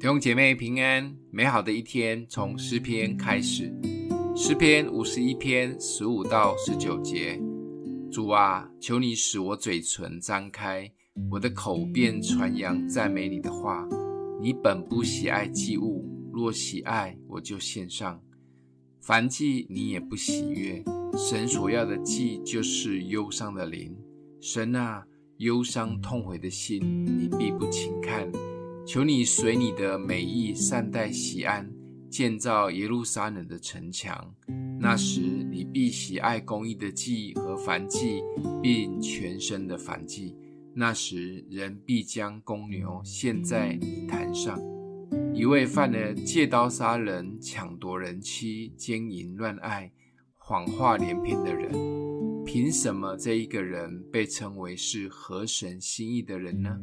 弟兄姐妹平安，美好的一天從詩篇開始。詩篇五十一篇十五到十九節：主啊，求你使我嘴唇張開，我的口便傳揚讚美你的話。你本不喜愛祭物，若喜愛，我就獻上。燔祭你也不喜悅。神所要的祭就是憂傷的靈。神啊，憂傷痛悔的心，你必不輕看。求你隨你的美意善待錫安，建造耶路撒冷的城牆。那時，你必喜愛公義的祭和燔祭，並全牲的燔祭。那時，人必將公牛獻在你壇上。一位犯了借刀殺人、搶奪人妻、姦淫亂愛、謊話連篇的人，憑什麼這一個人被稱為是合神心意的人呢？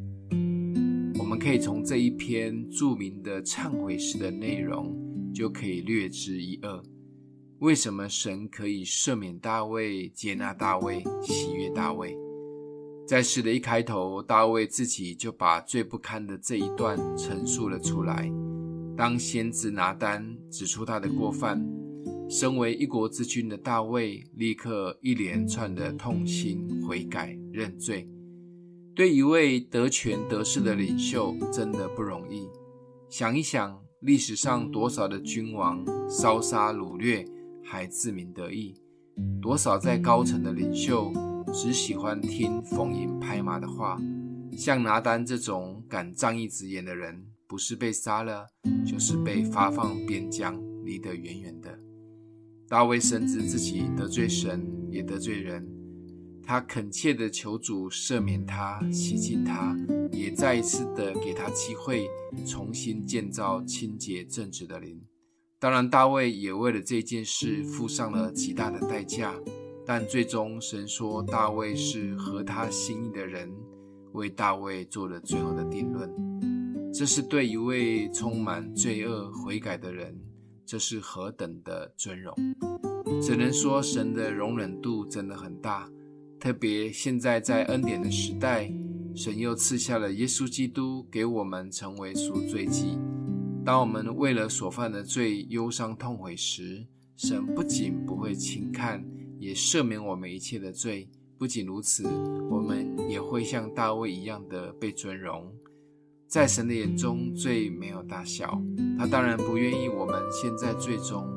我們可以從這一篇著名的懺悔詩的內容，就可以略知一二。為什麼神可以赦免大衛、接納大衛、喜悅大衛？在詩的一開頭，大衛自己就把最不堪的這一段陳述了出來。當先知拿單指出他的過犯，身為一國之君的大衛，立刻一連串的痛心、悔改、認罪。對一位得權得勢的領袖，真的不容易。想一想，歷史上多少的君王燒殺擄掠還自鳴得意，多少在高層的領袖只喜歡聽逢迎拍馬的話，像拿單這種敢仗義直言的人，不是被殺了，就是被發放邊疆，離得遠遠的。大衛深知自己得罪神，也得罪人。他懇切地求主赦免他、洗淨他，也再一次地給他機會重新建造清潔、正直的靈。當然，大衛也為了這件事付上了極大的代價。但最終，神說大衛是合他心意的人，為大衛做了最後的定論。這是對一位充滿罪惡悔改的人，這是何等的尊榮！只能說，神的容忍度真的很大。特別現在在恩典的時代，神又賜下了耶穌基督給我們成為贖罪祭。當我們為了所犯的罪憂傷痛悔時，神不僅不會輕看，也赦免我們一切的罪。不僅如此，我們也會像大衛一樣的被尊榮。在神的眼中，罪沒有大小，他當然不願意我們陷在罪中，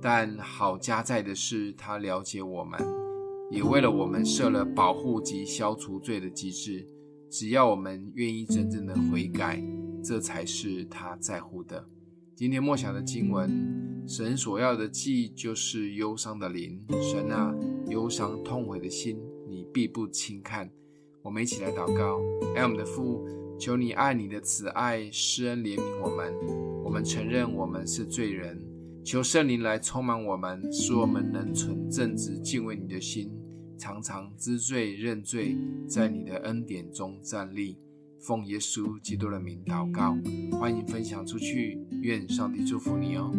但好家在的是，他了解我們。也為了我們設了保護及消除罪的機制，只要我們願意真正的悔改，這才是他在乎的。今天默想的經文，神所要的祭就是憂傷的靈。神啊，憂傷痛悔的心，你必不輕看。我們一起來禱告，愛我們的父，求你按你的慈愛，施恩憐憫我們。我們承認我們是罪人。求聖靈來充滿我們，使我們能存正直、敬畏你的心，常常知罪、認罪，在你的恩典中站立。奉耶穌基督的名禱告，歡迎分享出去。願上帝祝福你哦。